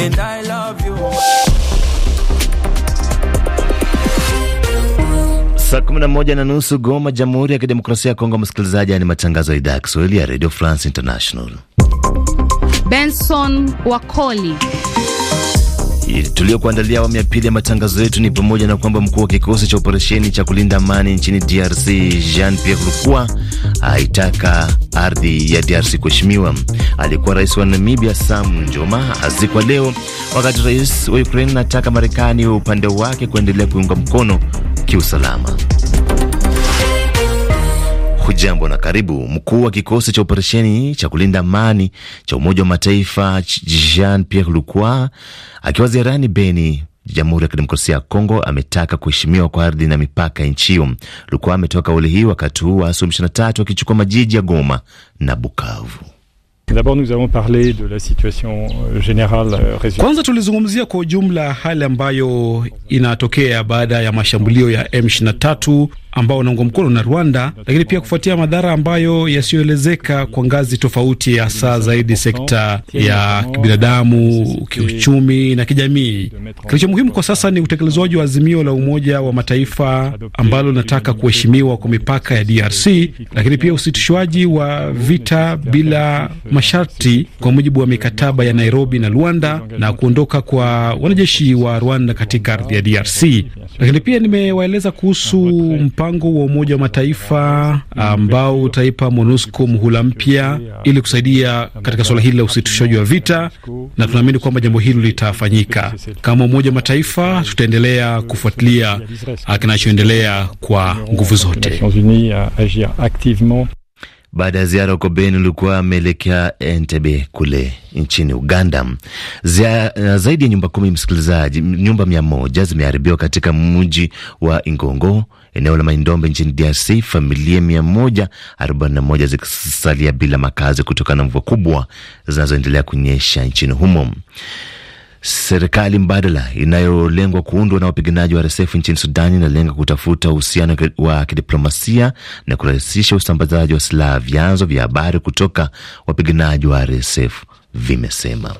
and I love you. Saa kumi na moja na nusu Goma, Jamhuri ya Kidemokrasia ya Kongo. Msikilizaji, ni matangazo ya idhaa ya Kiswahili ya Radio France International. Benson Wakoli Tuliokuandalia awamu ya pili ya matangazo yetu ni pamoja na kwamba mkuu wa kikosi cha operesheni cha kulinda amani nchini DRC Jean Pierre Lukua aitaka ardhi ya DRC kuheshimiwa. Alikuwa rais wa Namibia Sam Njoma azikwa leo, wakati rais wa Ukraine anataka Marekani upande wake kuendelea kuiunga mkono kiusalama. Hujambo na karibu. Mkuu wa kikosi cha operesheni cha kulinda amani cha Umoja wa Mataifa Jean Pierre Lukwa akiwa ziarani Beni, Jamhuri ya Kidemokrasia ya Kongo ametaka kuheshimiwa kwa ardhi na mipaka ya nchi hiyo. Lacroix ametoa kauli hii wakati huu waasi wa M23 wakichukua majiji ya Goma na Bukavu. Euh, euh, Kwanza tulizungumzia kwa ujumla hali ambayo inatokea baada ya mashambulio ya M23 ambao wanaungwa mkono na Rwanda, lakini pia kufuatia madhara ambayo yasiyoelezeka kwa ngazi tofauti, hasa zaidi sekta ya kibinadamu, kiuchumi na kijamii. Kilicho muhimu kwa sasa ni utekelezwaji wa azimio la Umoja wa Mataifa ambalo linataka kuheshimiwa kwa mipaka ya DRC, lakini pia usitishwaji wa vita bila masharti kwa mujibu wa mikataba ya Nairobi na Rwanda na kuondoka kwa wanajeshi wa Rwanda katika ardhi ya DRC. Lakini pia nimewaeleza kuhusu mpango wa Umoja wa Mataifa ambao utaipa MONUSCO muhula mpya ili kusaidia katika suala hili la usitishaji wa vita, na tunaamini kwamba jambo hilo litafanyika. Kama Umoja wa Mataifa tutaendelea kufuatilia ah, kinachoendelea kwa nguvu zote. Baada ya ziara huko Beni, ulikuwa ameelekea Entebbe kule nchini Uganda. Zia, eh, zaidi ya nyumba kumi, msikilizaji, nyumba mia moja zimeharibiwa katika mji wa Ingongo eneo la Maindombe nchini DRC, familia 141 zikisalia bila makazi kutokana na mvua kubwa zinazoendelea kunyesha nchini humo. Serikali mbadala inayolengwa kuundwa na wapiganaji wa RSF nchini Sudani inalenga kutafuta uhusiano wa kidiplomasia na kurahisisha usambazaji wa silaha, vyanzo vya habari kutoka wapiganaji wa RSF vimesema.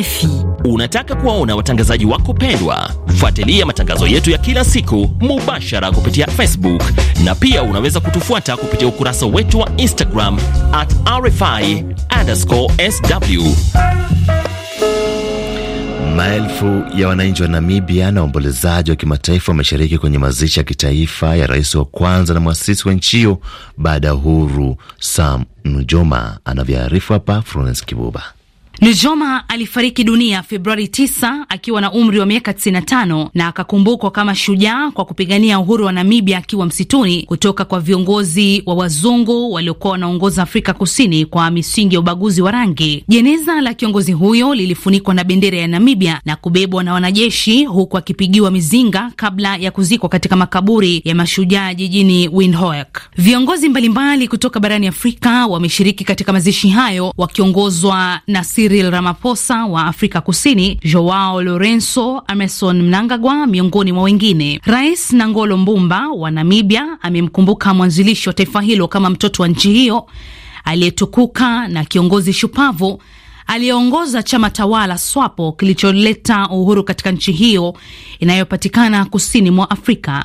RFI. Unataka kuwaona watangazaji wako pendwa? Fuatilia matangazo yetu ya kila siku mubashara kupitia Facebook na pia unaweza kutufuata kupitia ukurasa wetu wa Instagram at RFI underscore sw. Maelfu ya wananchi wa Namibia na waombolezaji wa kimataifa wameshiriki kwenye mazishi ya kitaifa ya rais wa kwanza na mwasisi wa nchi hiyo baada ya uhuru, Sam Nujoma anavyoarifu hapa Florence Kibuba. Nijoma alifariki dunia Februari 9 akiwa na umri wa miaka 95 na akakumbukwa kama shujaa kwa kupigania uhuru wa Namibia akiwa msituni kutoka kwa viongozi wa wazungu waliokuwa wanaongoza Afrika Kusini kwa misingi ya ubaguzi wa rangi. Jeneza la kiongozi huyo lilifunikwa na bendera ya Namibia na kubebwa na wanajeshi huku akipigiwa mizinga kabla ya kuzikwa katika makaburi ya mashujaa jijini Windhoek. Viongozi mbalimbali kutoka barani Afrika wameshiriki katika mazishi hayo wakiongozwa na Cyril Ramaphosa wa Afrika Kusini, Joao Lorenzo, Emerson Mnangagwa miongoni mwa wengine. Rais Nangolo Mbumba wa Namibia amemkumbuka mwanzilishi wa taifa hilo kama mtoto wa nchi hiyo aliyetukuka na kiongozi shupavu aliyeongoza chama tawala SWAPO kilicholeta uhuru katika nchi hiyo inayopatikana kusini mwa Afrika.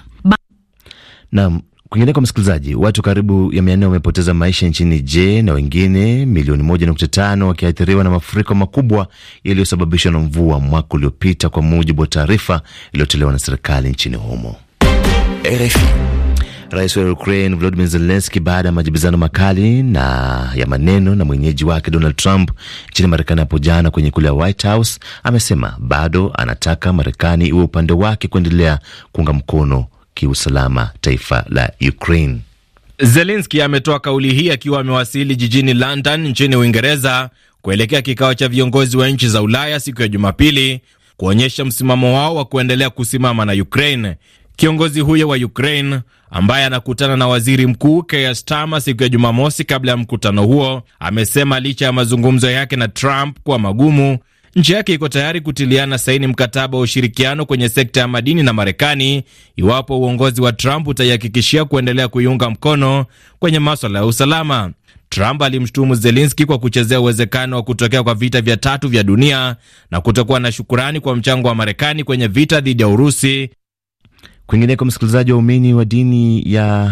Naam, kwa msikilizaji, watu karibu ya mia nne wamepoteza maisha nchini je na wengine milioni moja nukta tano wakiathiriwa na mafuriko makubwa yaliyosababishwa na mvua mwaka uliopita, kwa mujibu wa taarifa iliyotolewa na serikali nchini humo. RFI. Rais wa Ukraine Volodymyr Zelensky baada ya majibizano makali na ya maneno na mwenyeji wake Donald Trump nchini Marekani hapo jana kwenye ikulu ya White House amesema bado anataka Marekani iwe upande wake kuendelea kuunga mkono kiusalama taifa la Ukraine. Zelenski ametoa kauli hii akiwa amewasili jijini London nchini Uingereza kuelekea kikao cha viongozi wa nchi za Ulaya siku ya Jumapili kuonyesha msimamo wao wa kuendelea kusimama na Ukraine. Kiongozi huyo wa Ukraine ambaye anakutana na waziri mkuu Keir Starmer siku ya Jumamosi kabla ya mkutano huo amesema licha ya mazungumzo yake na Trump kuwa magumu Nchi yake iko tayari kutiliana saini mkataba wa ushirikiano kwenye sekta ya madini na Marekani iwapo uongozi wa Trump utaihakikishia kuendelea kuiunga mkono kwenye maswala ya usalama. Trump alimshutumu Zelenski kwa kuchezea uwezekano wa kutokea kwa vita vya tatu vya dunia na kutokuwa na shukurani kwa mchango wa Marekani kwenye vita dhidi ya Urusi. Kwingineko, msikilizaji, waumini wa dini ya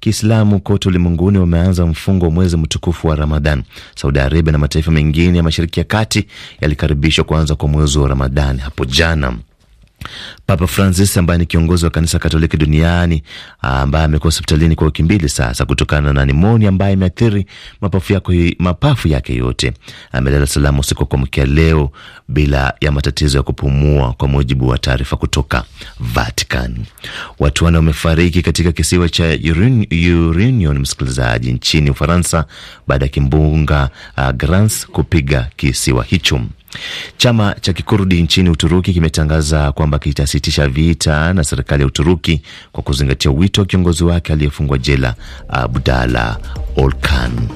Kiislamu kote ulimwenguni wameanza mfungo wa mwezi mtukufu wa Ramadhan. Saudi Arabia na mataifa mengine ya Mashariki ya Kati yalikaribishwa kuanza kwa mwezi wa Ramadhani hapo jana. Papa Francis ambaye ni kiongozi wa kanisa Katoliki duniani ambaye amekuwa hospitalini kwa wiki mbili sasa kutokana na nimoni ambaye imeathiri mapafu yake, mapafu yake yote amelala salama usiku kwa mkia leo bila ya matatizo ya kupumua, kwa mujibu wa taarifa kutoka Vatican. Watu wanne wamefariki katika kisiwa cha Reunion, msikilizaji, nchini Ufaransa baada ya kimbunga uh, Grans kupiga kisiwa hicho. Chama cha kikurdi nchini Uturuki kimetangaza kwamba kitasitisha vita na serikali ya Uturuki kwa kuzingatia wito wa kiongozi wake aliyefungwa jela Abdallah Olkan.